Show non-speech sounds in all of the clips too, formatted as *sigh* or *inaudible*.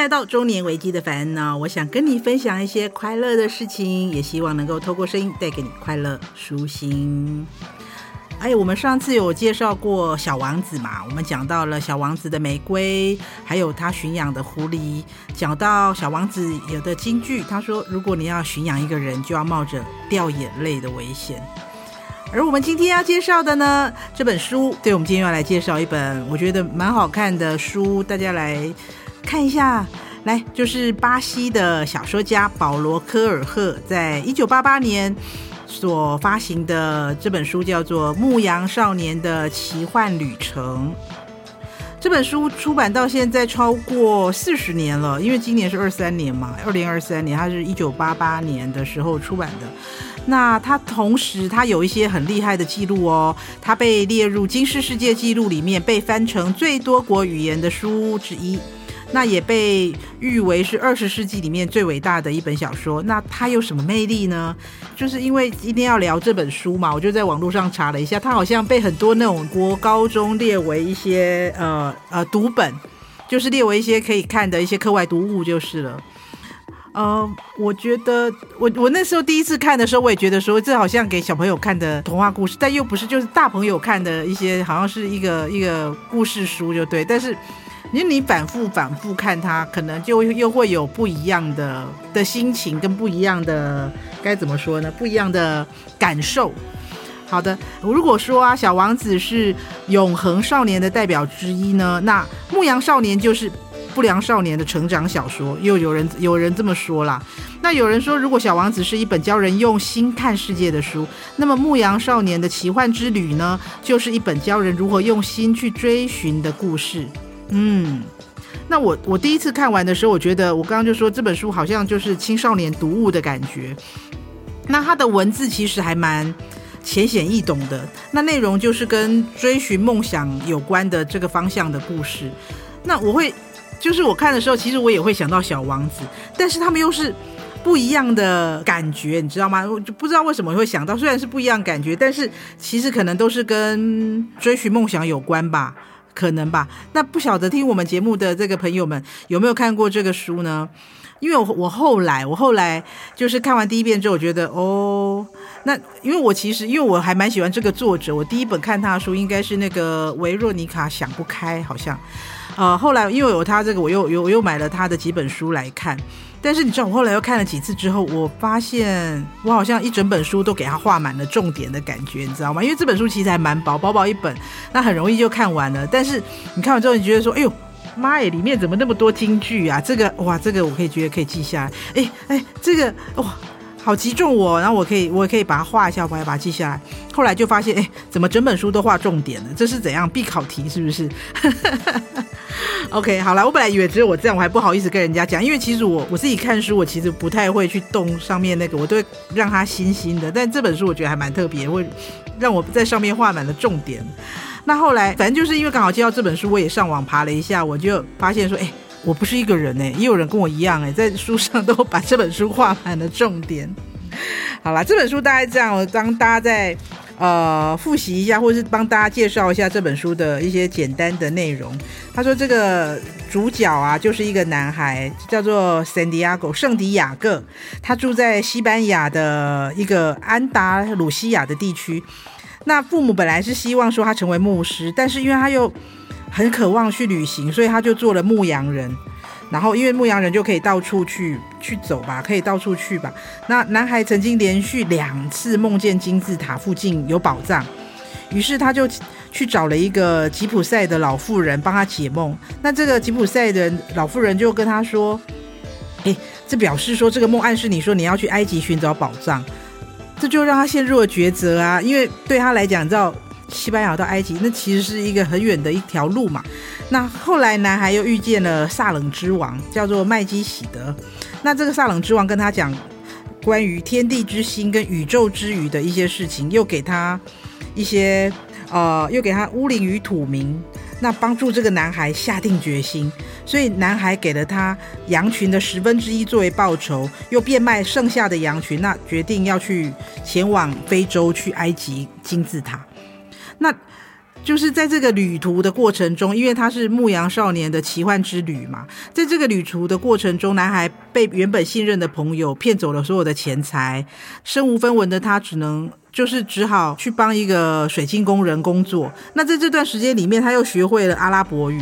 來到中年危機的煩惱，我想跟你分享一些快樂的事情，也希望能夠透過聲音帶給你快樂舒心。還有，哎，我們上次有介紹過《小王子》嘛。我們講到了小王子的玫瑰，還有他馴養的狐狸，講到小王子有的金句，他說：“如果你要馴養一個人，就要冒着掉眼淚的危險。”而我們今天要介紹的呢，這本書，對，我們今天要來介紹一本我覺得蠻好看的書，大家來。看一下，來就是巴西的小說家保羅科爾赫在一九八八年所發行的這本書，叫做《牧羊少年的奇幻旅程》。這本書出版到現在超過四十年了，因為今年是二三年嘛，二零二三年，它是一九八八年的時候出版的。那它同時它有一些很厲害的記錄哦，它被列入《金氏世界紀錄》裡面被翻成最多國語言的書之一。那也被譽為是二十世紀裡面最偉大的一本小說。那它有什麼魅力呢？就是因為一定要聊這本書嘛，我就在網絡上查了一下，它好像被很多那種國高中列為一些呃呃讀本，就是列為一些可以看的一些課外讀物就是了。嗯、呃，我覺得我我那時候第一次看的時候，我也覺得說這好像給小朋友看的童話故事，但又不是，就是大朋友看的一些，好像是一個一個故事書就對，但是。因為你反覆反覆看它，可能就又會有不一樣的的心情跟不一樣的該怎麼說呢？不一樣的感受。好的，如果說啊，小王子是永恆少年的代表之一呢，那牧羊少年就是不良少年的成長小說，又有人有人這麼說啦。那有人說，如果小王子是一本教人用心看世界的書，那麼牧羊少年的奇幻之旅呢，就是一本教人如何用心去追尋的故事。嗯，那我我第一次看完的時候，我覺得我剛剛就說這本書好像就是青少年讀物的感覺。那它的文字其實還蠻淺顯易懂的，那內容就是跟追尋夢想有關的這個方向的故事。那我會就是我看的時候，其實我也會想到小王子，但是他們又是不一樣的感覺，你知道嗎？我就不知道為什麼會想到，雖然是不一樣感覺，但是其實可能都是跟追尋夢想有關吧。可能吧，那不曉得聽我們節目的這個朋友們有沒有看過這個書呢？因為我我後來我後來就是看完第一遍之後，我覺得哦，那因為我其實因為我還蠻喜歡這個作者，我第一本看他的書應該是那個維若妮卡想不開，好像，呃，後來因為有他這個，我又又我又買了他的幾本書來看。但是你知道，我後來又看了幾次之後，我發現我好像一整本書都給它畫滿了重點的感覺，你知道嗎？因為這本書其實還蠻薄，薄薄一本，那很容易就看完了。但是你看完之後，你覺得說：“哎呦，媽耶、欸，裡面怎麼那麼多金句啊？”這個哇，這個我可以覺得可以記下來。哎、欸、哎、欸，這個哇。好擊中我，然後我可以，我也可以把它畫一下，我把它記下來。後來就發現，哎、欸，怎麼整本書都畫重點了？這是怎樣必考題？是不是 *laughs* ？OK，好了，我本來以為只有我這樣，我還不好意思跟人家講，因為其實我我自己看書，我其實不太會去動上面那個，我都會讓它新新的。但這本書我覺得還蠻特別，會讓我在上面畫滿了重點。那後來，反正就是因為剛好接到這本書，我也上網爬了一下，我就發現說，哎、欸。我不是一個人哎、欸，也有人跟我一樣哎、欸，在書上都把這本書畫滿了重點。好了，這本書大概這樣，我幫大家再呃複習一下，或是幫大家介紹一下這本書的一些簡單的內容。他說這個主角啊，就是一個男孩，叫做聖地亞哥，聖迪雅各，他住在西班牙的一個安達魯西亞的地區。那父母本來是希望說他成為牧師，但是因為他又，很渴望去旅行，所以他就做了牧羊人。然後因為牧羊人就可以到處去去走吧，可以到處去吧。那男孩曾經連續兩次夢見金字塔附近有寶藏，於是他就去找了一個吉普賽的老婦人幫他解夢。那這個吉普賽的老婦人就跟他說：“哎，這表示說這個夢暗示你說你要去埃及尋找寶藏。”這就讓他陷入了抉擇啊，因為對他來講，你知道。西班牙到埃及，那其實是一個很遠的一條路嘛。那後來男孩又遇見了薩冷之王，叫做麥基洗德。那這個薩冷之王跟他講關於天地之心跟宇宙之語的一些事情，又給他一些呃，又給他烏陵與土明，那幫助這個男孩下定決心。所以男孩給了他羊群的十分之一作為報酬，又變賣剩下的羊群，那決定要去前往非洲去埃及金字塔。那就是在這個旅途的過程中，因為他是牧羊少年的奇幻之旅嘛，在這個旅途的過程中，男孩被原本信任的朋友騙走了所有的錢財，身無分文的他只能就是只好去幫一個水晶工人工作。那在這段時間裡面，他又學會了阿拉伯語。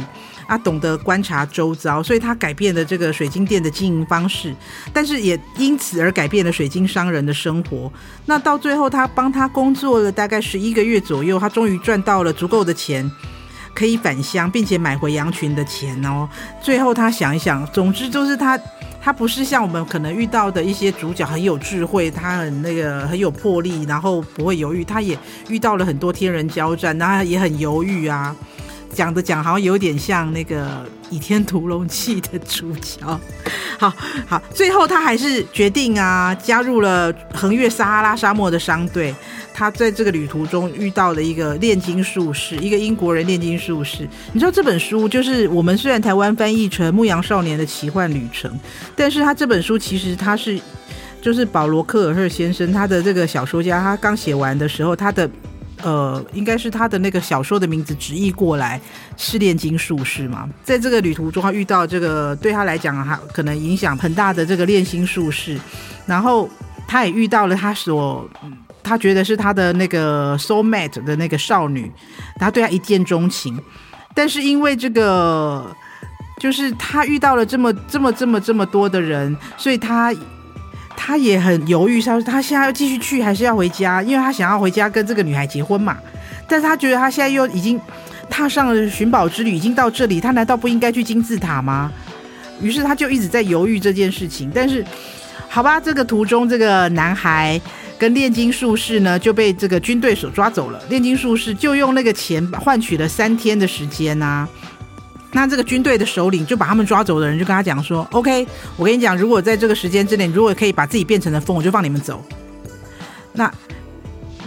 他、啊、懂得觀察周遭，所以他改變了這個水晶店的經營方式，但是也因此而改變了水晶商人的生活。那到最後，他幫他工作了大概十一個月左右，他終於賺到了足夠的錢，可以返鄉，並且買回羊群的錢哦。最後他想一想，總之就是他，他不是像我們可能遇到的一些主角，很有智慧，他很那個很有魄力，然後不會猶豫。他也遇到了很多天人交戰，那也很猶豫啊。講着講，好像有點像那個《倚天屠龍記》的主角。好好，最後他還是決定啊，加入了橫越撒哈拉沙漠的商隊。他在這個旅途中遇到了一個煉金術士，一個英國人煉金術士。你知道這本書就是我們雖然台灣翻譯成《牧羊少年的奇幻旅程》，但是他這本書其實他是就是保羅·科爾賀先生，他的這個小說家，他剛寫完的時候，他的。呃，應該是他的那個小說的名字直譯過來是煉金術士嘛？在這個旅途中，他遇到這個對他來講，他可能影響很大的這個煉金術士，然後他也遇到了他所、嗯、他覺得是他的那個 soul mate 的那個少女，然後對他一見鍾情。但是因為這個，就是他遇到了這麼這麼這麼這麼多的人，所以他。他也很猶豫，他說他現在要繼續去還是要回家？因為他想要回家跟這個女孩結婚嘛。但是他覺得他現在又已經踏上了尋寶之旅，已經到這裡，他難道不應該去金字塔嗎？於是他就一直在猶豫這件事情。但是，好吧，這個途中，這個男孩跟煉金術士呢就被這個軍隊所抓走了。煉金術士就用那個錢換取了三天的時間吶、啊。那這個軍隊的首領就把他們抓走的人就跟他講說：“OK，我跟你講，如果在這個時間之內，如果可以把自己變成了風，我就放你們走。”那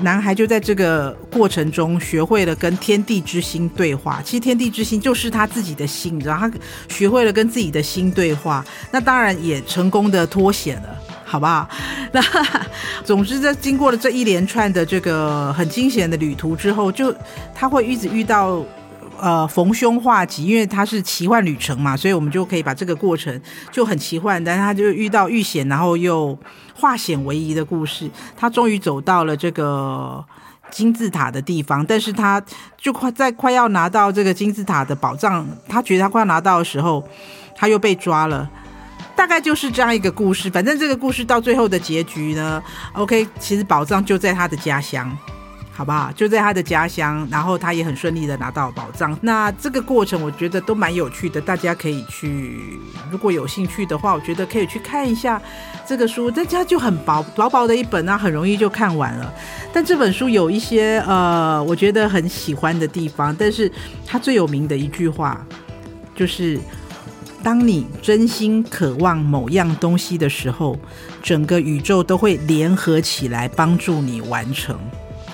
男孩就在這個過程中學會了跟天地之心對話。其實天地之心就是他自己的心，你知道，他學會了跟自己的心對話。那當然也成功的脫險了，好不好？那呵呵總之，在經過了這一連串的這個很驚險的旅途之後，就他會一直遇到。呃，逢凶化吉，因為他是奇幻旅程嘛，所以我們就可以把這個過程就很奇幻，但是他就遇到遇險，然後又化險為夷的故事。他終於走到了這個金字塔的地方，但是他就快在快要拿到這個金字塔的寶藏，他覺得他快要拿到的時候，他又被抓了。大概就是這樣一個故事。反正這個故事到最後的結局呢，OK，其實寶藏就在他的家鄉。好不好？就在他的家鄉，然後他也很順利的拿到寶藏。那這個過程我覺得都蠻有趣的，大家可以去，如果有興趣的話，我覺得可以去看一下這個書。但它就很薄，薄薄的一本啊，很容易就看完了。但這本書有一些呃，我覺得很喜歡的地方。但是它最有名的一句話就是：當你真心渴望某樣東西的時候，整個宇宙都會聯合起來幫助你完成。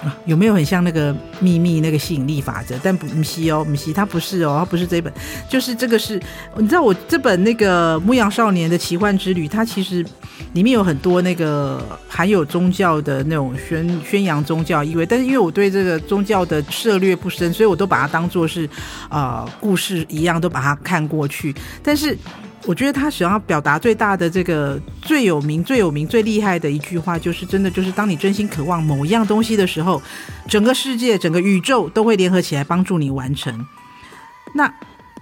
嗯，有沒有很像那個秘密那個吸引力法則？但不米西哦，米西它不是哦，它不是這一本，就是這個是，你知道我這本那個《牧羊少年的奇幻之旅》，它其實裡面有很多那個含有宗教的那種宣宣揚宗教意味，但是因為我對這個宗教的涉略不深，所以我都把它當做是啊、呃、故事一樣，都把它看過去，但是。我覺得他想要表達最大的這個，最有名最有名最厲害的一句話，就是真的就是當你真心渴望某一樣東西的時候，整個世界整個宇宙都會聯合起來幫助你完成。那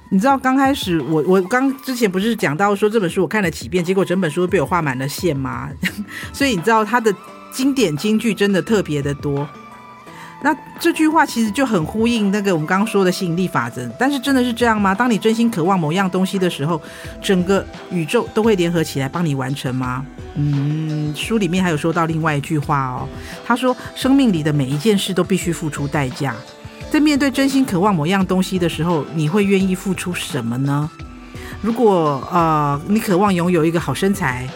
你知道剛開始我我剛之前不是講到說這本書我看了幾遍，結果整本書都被我畫滿了線嗎？ *laughs* 所以你知道他的經典金句真的特別的多。那這句話其實就很呼應那個我們剛剛說的吸引力法則，但是真的是這樣嗎？當你真心渴望某樣東西的時候，整個宇宙都會聯合起來幫你完成嗎？嗯，書裡面還有說到另外一句話哦，他說生命裡的每一件事都必須付出代價。在面對真心渴望某樣東西的時候，你會願意付出什麼呢？如果呃你渴望擁有一個好身材，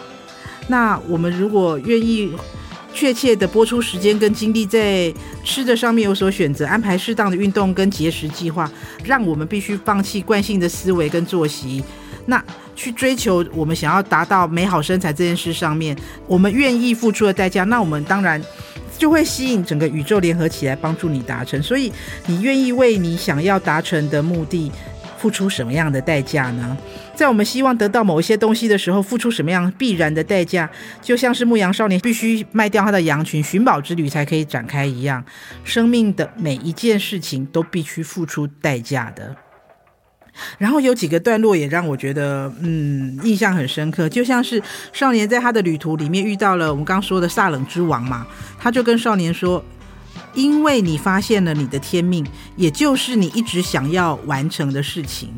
那我們如果願意。確切的播出時間跟精力在吃的上面有所選擇，安排適當的運動跟節食計劃，讓我們必須放棄慣性的思維跟作息，那去追求我們想要達到美好身材這件事上面，我們願意付出的代價，那我們當然就會吸引整個宇宙聯合起來幫助你達成。所以，你願意為你想要達成的目的。付出什麼樣的代價呢？在我們希望得到某一些東西的時候，付出什麼樣必然的代價，就像是牧羊少年必須賣掉他的羊群，尋寶之旅才可以展開一樣。生命的每一件事情都必須付出代價的。然後有幾個段落也讓我覺得，嗯，印象很深刻，就像是少年在他的旅途裡面遇到了我們剛說的撒冷之王嘛，他就跟少年說。因為你發現了你的天命，也就是你一直想要完成的事情，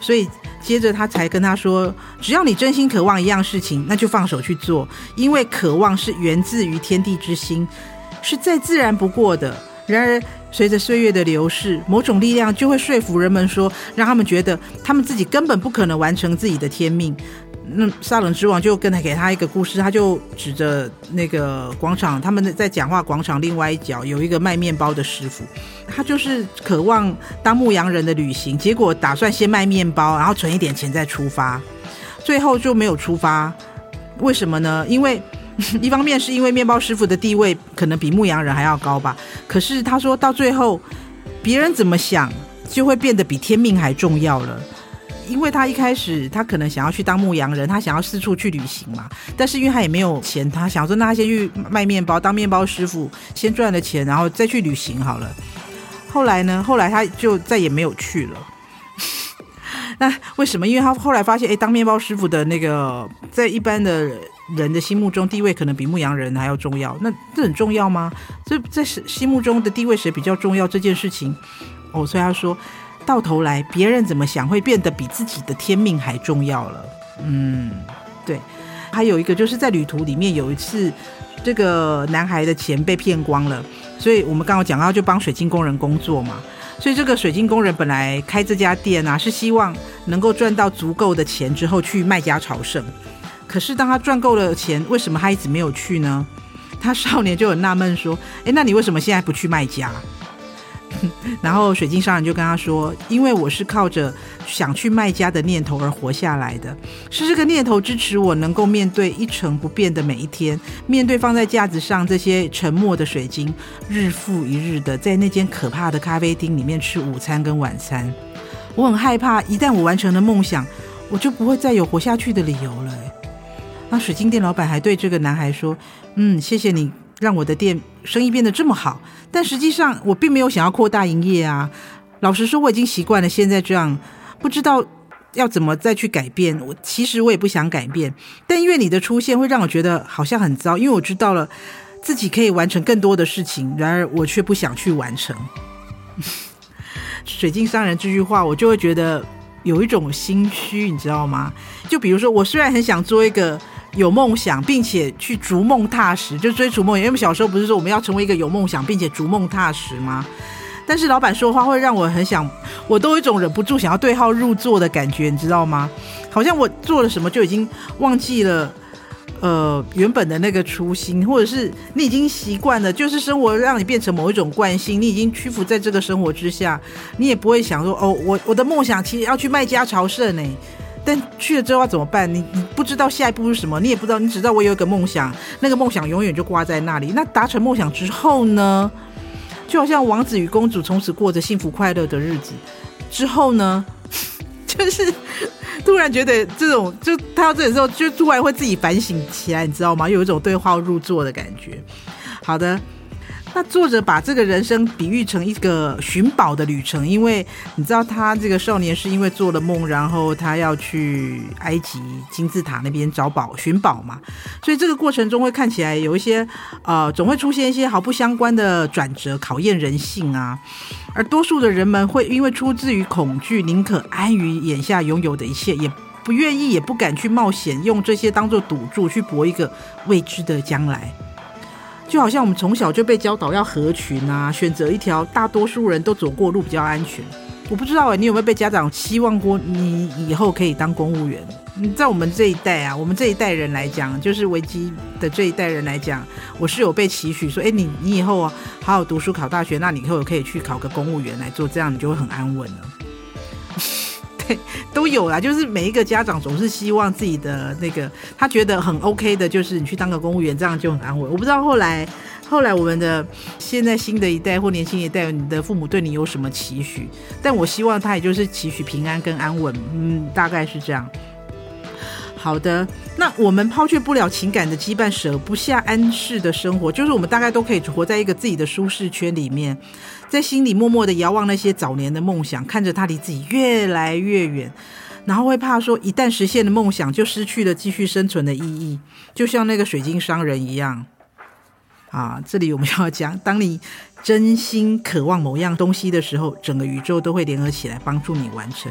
所以接着他才跟他說：只要你真心渴望一樣事情，那就放手去做，因為渴望是源自於天地之心，是再自然不過的。然而，隨着歲月的流逝，某種力量就會說服人們說，讓他們覺得他們自己根本不可能完成自己的天命。那撒冷之王就跟他給他一個故事，他就指着那個廣場，他們在講話。廣場另外一角有一個賣麵包的師傅，他就是渴望當牧羊人的旅行，結果打算先賣麵包，然後存一點錢再出發，最後就沒有出發。為什麼呢？因為一方面是因為麵包師傅的地位可能比牧羊人還要高吧，可是他說到最後，別人怎麼想就會變得比天命還重要了。因為他一開始他可能想要去當牧羊人，他想要四處去旅行嘛。但是因為他也沒有錢，他想要說那他先去賣麵包，當麵包師傅先賺了錢，然後再去旅行好了。後來呢？後來他就再也沒有去了。 *laughs* 那為什麼？因為他後來發現，誒，當麵包師傅的那個在一般的人的心目中地位可能比牧羊人還要重要。那這很重要嗎？這在心心目中的地位誰比較重要這件事情？哦，所以他說。到頭來，別人怎麼想會變得比自己的天命還重要了。嗯，對。還有一個就是在旅途裡面，有一次這個男孩的錢被騙光了，所以我們剛好講到就幫水晶工人工作嘛。所以這個水晶工人本來開這家店啊，是希望能夠賺到足夠的錢之後去麥加朝聖。可是當他賺夠了錢，為什麼他一直沒有去呢？他少年就很納悶說：“誒，那你為什麼現在不去麥加？”然後，水晶商人就跟他說：“因為我是靠着想去麥加的念頭而活下來的，是這個念頭支持我能夠面對一成不變的每一天，面對放在架子上這些沉默的水晶，日復一日的在那間可怕的咖啡廳裡面吃午餐跟晚餐。我很害怕，一旦我完成了夢想，我就不會再有活下去的理由了。”那水晶店老闆還對這個男孩說：“嗯，謝謝你。”讓我的店生意變得這麼好，但實際上我並沒有想要擴大營業啊。老實說，我已經習慣了現在這樣，不知道要怎麼再去改變。我其實我也不想改變，但因為你的出現，會讓我覺得好像很糟，因為我知道了自己可以完成更多的事情，然而我卻不想去完成。 *laughs* 水晶商人這句話，我就會覺得有一種心虛，你知道嗎？就比如說，我雖然很想做一個。有夢想，並且去逐夢踏實，就追逐夢想。因為我們小時候不是說我們要成為一個有夢想，並且逐夢踏實嗎？但是老闆說的話，會讓我很想，我都有一種忍不住想要對號入座的感覺，你知道嗎？好像我做了什麼，就已經忘記了，呃，原本的那個初心，或者是你已經習慣了，就是生活讓你變成某一種慣性，你已經屈服在這個生活之下，你也不會想說，哦，我我的夢想其實要去麥加朝聖呢、欸。但去了之後要怎麼辦？你你不知道下一步是什麼，你也不知道，你只知道我有一個夢想，那個夢想永遠就掛在那裡。那達成夢想之後呢？就好像王子與公主從此過着幸福快樂的日子。之後呢？就是突然覺得這種就他到這裡之後，就突然會自己反省起來，你知道嗎？有一種對號入座的感覺。好的。那作者把這個人生比喻成一個尋寶的旅程，因為你知道他這個少年是因為做了夢，然後他要去埃及金字塔那邊找寶、尋寶嘛，所以這個過程中會看起來有一些，呃，總會出現一些毫不相關的轉折，考驗人性啊。而多數的人們會因為出自於恐懼，寧可安於眼下擁有的一切，也不願意、也不敢去冒險，用這些當做賭注去搏一個未知的將來。就好像我們從小就被教導要合群啊，選擇一條大多數人都走過路，比較安全。我不知道、欸、你有沒有被家長期望過你以後可以當公務員？在我們這一代啊，我們這一代人來講，就是維姬的這一代人來講，我是有被期許說，欸、你你以後好好讀書考大學，那你以後可以去考個公務員來做，這樣你就會很安穩了。 *laughs* *laughs* 都有啦，就是每一個家長總是希望自己的那個他覺得很 OK 的，就是你去當個公務員，這樣就很安穩。我不知道後來後來我們的現在新的一代或年輕一代，你的父母對你有什麼期許？但我希望他也就是期許平安跟安穩，嗯，大概是這樣。好的，那我們拋卻不了情感的羈絆捨，捨不下安適的生活，就是我們大概都可以活在一個自己的舒適圈裡面。在心裡默默的遙望那些早年的夢想，看着他離自己越來越遠，然後會怕說一旦實現了夢想，就失去了繼續生存的意義，就像那個水晶商人一樣。啊，這裡我們要講，當你真心渴望某樣東西的時候，整個宇宙都會聯合起來幫助你完成。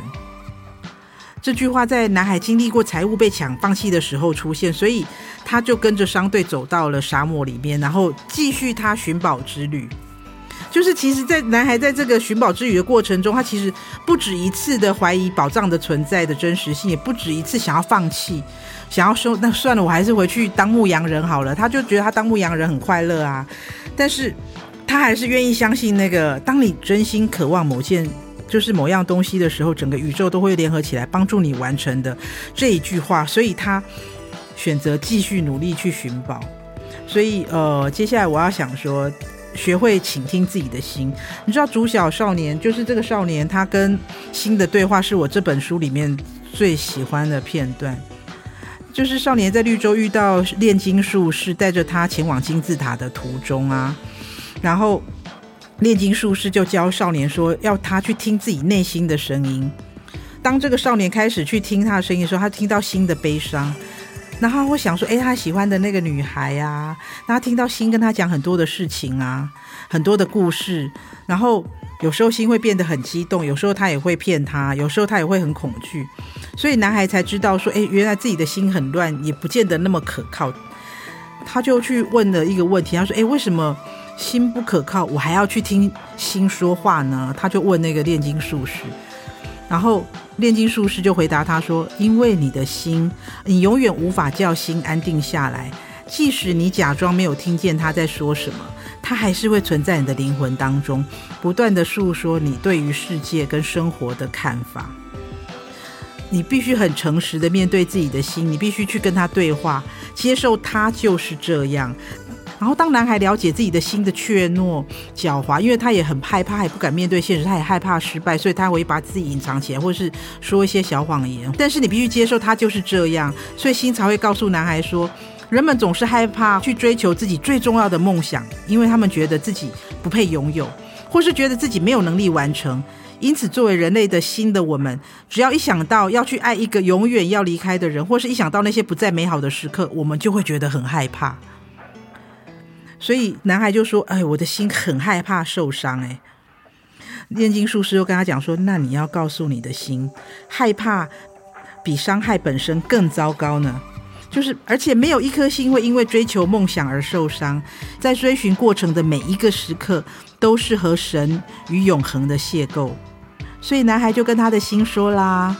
這句話在男孩經歷過財物被搶放棄的時候出現，所以他就跟着商隊走到了沙漠裡面，然後繼續他尋寶之旅。就是，其實，在男孩在這個尋寶之旅的過程中，他其實不止一次的懷疑寶藏的存在的真實性，也不止一次想要放棄，想要說那算了，我還是回去當牧羊人好了。他就覺得他當牧羊人很快樂啊，但是他還是願意相信那個，當你真心渴望某件就是某樣東西的時候，整個宇宙都會聯合起來幫助你完成的這一句話。所以他選擇繼續努力去尋寶。所以，呃，接下來我要想說。學會傾聽自己的心，你知道，主角少年就是這個少年，他跟心的對話是我這本書裡面最喜歡的片段。就是少年在綠洲遇到煉金術士，帶着他前往金字塔的途中啊，然後煉金術士就教少年說，要他去聽自己內心的聲音。當這個少年開始去聽他的聲音的時候，他聽到心的悲傷。然後會想說，誒、欸，他喜歡的那個女孩啊。然後聽到心跟他講很多的事情啊，很多的故事。然後有時候心會變得很激動，有時候他也會騙他，有時候他也會很恐懼。所以男孩才知道說，誒、欸，原來自己的心很亂，也不見得那麼可靠。他就去問了一個問題，他說，誒、欸，為什麼心不可靠，我還要去聽心說話呢？他就問那個煉金術士。然後煉金術師就回答他說：“因為你的心，你永遠無法叫心安定下來，即使你假裝沒有聽見他在說什麼，他還是會存在你的靈魂當中，不斷的訴說你對於世界跟生活的看法。你必須很誠實的面對自己的心，你必須去跟他對話，接受他就是這樣。”然後，當男孩了解自己的心的怯懦、狡猾，因為他也很害怕，也不敢面對現實，他也害怕失敗，所以他會把自己隱藏起來，或是說一些小謊言。但是你必須接受，他就是這樣，所以心才會告訴男孩說人們總是害怕去追求自己最重要的夢想，因為他們覺得自己不配擁有，或是覺得自己沒有能力完成。因此，作為人類的心的我們，只要一想到要去愛一個永遠要離開的人，或是一想到那些不再美好的時刻，我們就會覺得很害怕。所以男孩就說：“哎，我的心很害怕受傷。”哎，煉金術師又跟他講說：“那你要告訴你的心，害怕比傷害本身更糟糕呢。就是而且沒有一顆心會因為追求夢想而受傷，在追尋過程的每一個時刻，都是和神與永恆的邂逅。所以男孩就跟他的心說啦：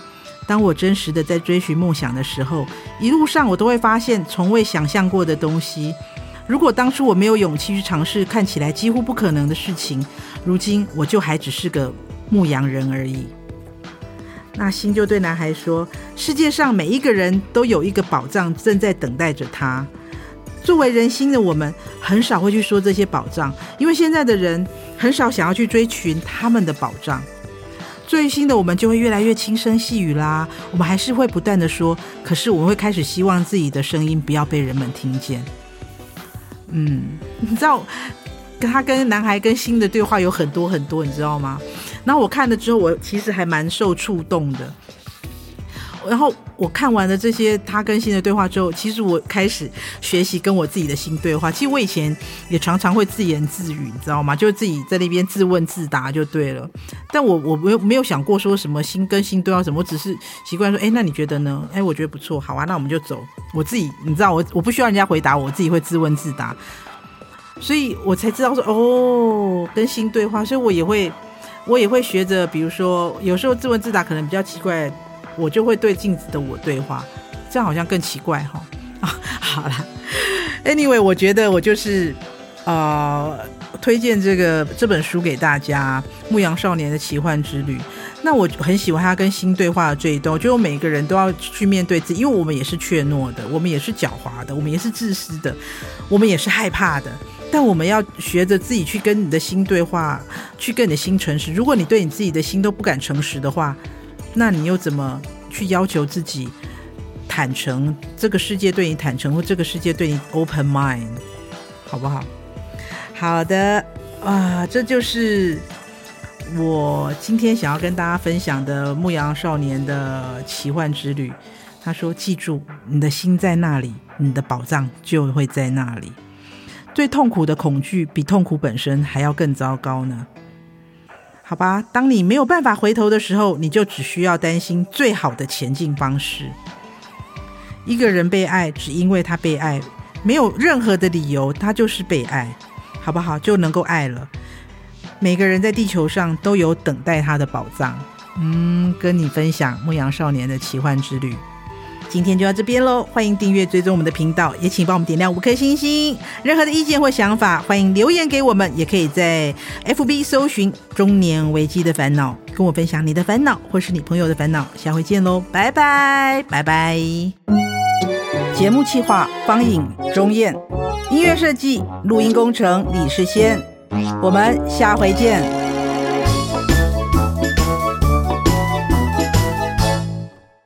當我真實的在追尋夢想的時候，一路上我都會發現從未想象過的東西。”如果當初我沒有勇氣去嘗試看起來幾乎不可能的事情，如今我就還只是個牧羊人而已。那心就對男孩說：“世界上每一個人都有一個寶藏正在等待着他。作為人心的我們，很少會去說這些寶藏，因為現在的人很少想要去追尋他們的寶藏。作為心的我們就會越來越輕聲細語啦。我們還是會不斷地說，可是我們會開始希望自己的聲音不要被人們聽見。”嗯，你知道，他跟男孩，跟新的對話有很多很多，你知道嗎？然後我看了之後，我其實還蠻受觸動的。然後我看完了這些他跟心的對話之後，其實我開始學習跟我自己的心對話。其實我以前也常常會自言自語，你知道嗎？就自己在那邊自問自答就對了。但我我沒有沒有想過說什麼心跟心對話什麼，我只是習慣說：“哎，那你覺得呢？”“哎，我覺得不錯，好啊，那我們就走。”我自己你知道，我我不需要人家回答我，我自己會自問自答。所以我才知道說哦，跟心對話，所以我也會我也會學着，比如說有時候自問自答可能比較奇怪。我就會對鏡子的我對話，這樣好像更奇怪哈、哦。 *laughs* 好啦，anyway，我覺得我就是呃，推薦這個這本書給大家，《牧羊少年的奇幻之旅》。那我很喜歡他跟心對話的這一段，我覺得每個人都要去面對自己，因為我們也是怯懦的，是的，我們也是狡猾的，我們也是自私的，我們也是害怕的。但我們要學着自己去跟你的心對話，去跟你的心誠實。如果你對你自己的心都不敢誠實的話，那你又怎麼去要求自己坦誠？這個世界對你坦誠，或這個世界對你 open mind，好不好？好的啊，這就是我今天想要跟大家分享的《牧羊少年的奇幻之旅》。他說：“記住，你的心在那裡，你的寶藏就會在那裡。對痛苦的恐懼，比痛苦本身還要更糟糕呢。”好吧，當你沒有辦法回頭的時候，你就只需要擔心最好的前進方式。一個人被愛，只因為他被愛，沒有任何的理由，他就是被愛，好不好？就能夠愛了。每個人在地球上都有等待他的寶藏。嗯，跟你分享《牧羊少年的奇幻之旅》。今天就到這邊嘍，歡迎訂閱追蹤我們的頻道，也請幫我們點亮五顆星星。任何的意見或想法，歡迎留言給我們，也可以在 FB 搜尋“中年危機的煩惱”，跟我分享你的煩惱或是你朋友的煩惱。下回見嘍，拜拜拜拜。節目企劃方影鍾燕，音樂設計錄音工程李世先，我們下回見。